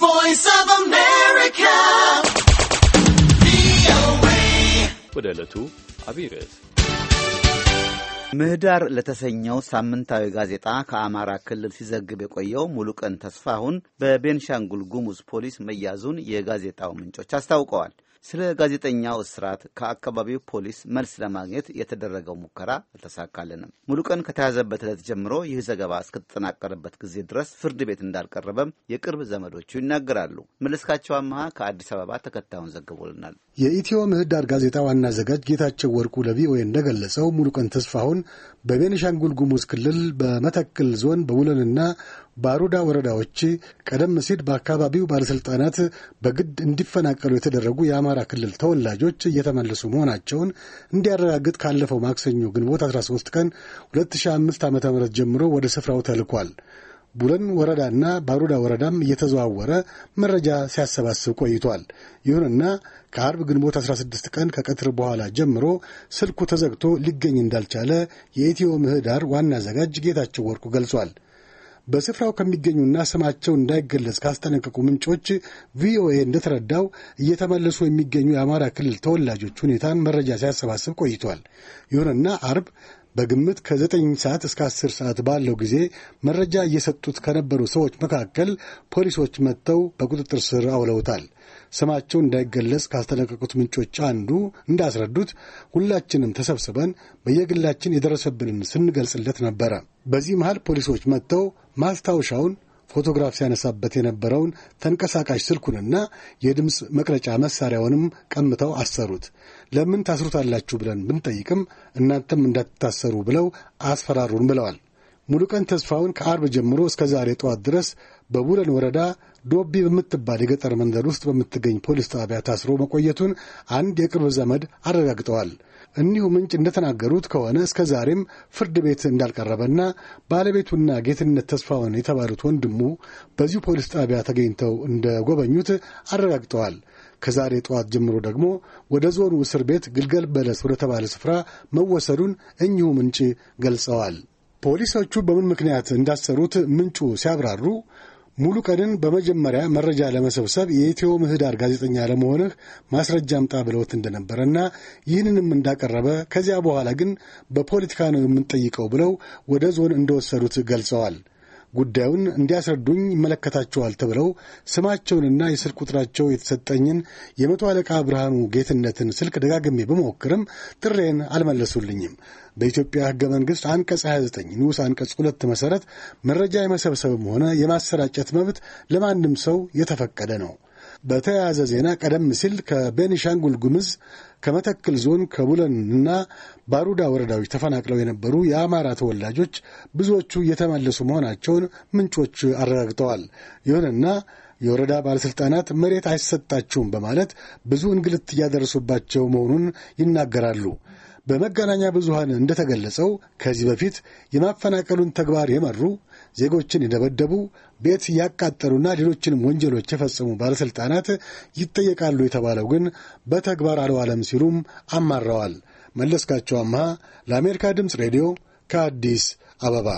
Voice of America. ወደ ዕለቱ አብይ ርዕስ ምህዳር ለተሰኘው ሳምንታዊ ጋዜጣ ከአማራ ክልል ሲዘግብ የቆየው ሙሉቀን ተስፋሁን በቤንሻንጉል ጉሙዝ ፖሊስ መያዙን የጋዜጣው ምንጮች አስታውቀዋል። ስለ ጋዜጠኛው እስራት ከአካባቢው ፖሊስ መልስ ለማግኘት የተደረገው ሙከራ አልተሳካልንም። ሙሉቀን ከተያዘበት ዕለት ጀምሮ ይህ ዘገባ እስከተጠናቀረበት ጊዜ ድረስ ፍርድ ቤት እንዳልቀረበም የቅርብ ዘመዶቹ ይናገራሉ። መለስካቸው አመሃ ከአዲስ አበባ ተከታዩን ዘግቦልናል። የኢትዮ ምህዳር ጋዜጣ ዋና አዘጋጅ ጌታቸው ወርቁ ለቪኦኤ እንደገለጸው ሙሉቀን ተስፋሁን በቤንሻንጉል ጉሙዝ ክልል በመተክል ዞን በቡለንና በአሮዳ ወረዳዎች ቀደም ሲል በአካባቢው ባለሥልጣናት በግድ እንዲፈናቀሉ የተደረጉ የአማራ ክልል ተወላጆች እየተመለሱ መሆናቸውን እንዲያረጋግጥ ካለፈው ማክሰኞ ግንቦት 13 ቀን 2005 ዓ ም ጀምሮ ወደ ስፍራው ተልኳል። ቡለን ወረዳና ባሩዳ ወረዳም እየተዘዋወረ መረጃ ሲያሰባስብ ቆይቷል። ይሁንና ከአርብ ግንቦት 16 ቀን ከቀትር በኋላ ጀምሮ ስልኩ ተዘግቶ ሊገኝ እንዳልቻለ የኢትዮ ምህዳር ዋና አዘጋጅ ጌታቸው ወርቁ ገልጿል። በስፍራው ከሚገኙና ስማቸው እንዳይገለጽ ካስጠነቀቁ ምንጮች ቪኦኤ እንደተረዳው እየተመለሱ የሚገኙ የአማራ ክልል ተወላጆች ሁኔታን መረጃ ሲያሰባስብ ቆይቷል። ይሁንና አርብ በግምት ከዘጠኝ ሰዓት እስከ አስር ሰዓት ባለው ጊዜ መረጃ እየሰጡት ከነበሩ ሰዎች መካከል ፖሊሶች መጥተው በቁጥጥር ስር አውለውታል። ስማቸው እንዳይገለጽ ካስጠነቀቁት ምንጮች አንዱ እንዳስረዱት ሁላችንም ተሰብስበን በየግላችን የደረሰብንን ስንገልጽለት ነበረ። በዚህ መሃል ፖሊሶች መጥተው ማስታወሻውን ፎቶግራፍ ሲያነሳበት የነበረውን ተንቀሳቃሽ ስልኩንና የድምፅ መቅረጫ መሳሪያውንም ቀምተው አሰሩት። ለምን ታስሩታላችሁ ብለን ብንጠይቅም እናንተም እንዳትታሰሩ ብለው አስፈራሩን ብለዋል። ሙሉቀን ተስፋውን ከአርብ ጀምሮ እስከ ዛሬ ጠዋት ድረስ በቡለን ወረዳ ዶቢ በምትባል የገጠር መንደር ውስጥ በምትገኝ ፖሊስ ጣቢያ ታስሮ መቆየቱን አንድ የቅርብ ዘመድ አረጋግጠዋል። እኒሁ ምንጭ እንደተናገሩት ከሆነ እስከ ዛሬም ፍርድ ቤት እንዳልቀረበና ባለቤቱና ጌትነት ተስፋውን የተባሉት ወንድሙ በዚሁ ፖሊስ ጣቢያ ተገኝተው እንደጎበኙት አረጋግጠዋል። ከዛሬ ጠዋት ጀምሮ ደግሞ ወደ ዞኑ እስር ቤት ግልገል በለስ ወደተባለ ስፍራ መወሰዱን እኚሁ ምንጭ ገልጸዋል። ፖሊሶቹ በምን ምክንያት እንዳሰሩት ምንጩ ሲያብራሩ ሙሉ ቀንን በመጀመሪያ መረጃ ለመሰብሰብ የኢትዮ ምህዳር ጋዜጠኛ ለመሆንህ ማስረጃ አምጣ ብለውት እንደነበረና ይህንንም እንዳቀረበ ከዚያ በኋላ ግን በፖለቲካ ነው የምንጠይቀው ብለው ወደ ዞን እንደወሰዱት ገልጸዋል። ጉዳዩን እንዲያስረዱኝ ይመለከታቸዋል ተብለው ስማቸውንና የስልክ ቁጥራቸው የተሰጠኝን የመቶ አለቃ ብርሃኑ ጌትነትን ስልክ ደጋግሜ በመሞክርም ጥሬን አልመለሱልኝም። በኢትዮጵያ ሕገ መንግሥት አንቀጽ 29 ንዑስ አንቀጽ ሁለት መሠረት መረጃ የመሰብሰብም ሆነ የማሰራጨት መብት ለማንም ሰው የተፈቀደ ነው። በተያያዘ ዜና ቀደም ሲል ከቤኒሻንጉል ጉምዝ ከመተክል ዞን እና ባሩዳ ወረዳዎች ተፈናቅለው የነበሩ የአማራ ተወላጆች ብዙዎቹ እየተመለሱ መሆናቸውን ምንጮች አረጋግጠዋል። ይሁንና የወረዳ ባለሥልጣናት መሬት አይሰጣችሁም በማለት ብዙ እንግልት እያደረሱባቸው መሆኑን ይናገራሉ። በመገናኛ ብዙሃን እንደተገለጸው ከዚህ በፊት የማፈናቀሉን ተግባር የመሩ ዜጎችን የደበደቡ፣ ቤት ያቃጠሉና ሌሎችንም ወንጀሎች የፈጸሙ ባለሥልጣናት ይጠየቃሉ የተባለው ግን በተግባር አልዋለም ሲሉም አማረዋል። መለስካቸው አምሃ ለአሜሪካ ድምፅ ሬዲዮ ከአዲስ አበባ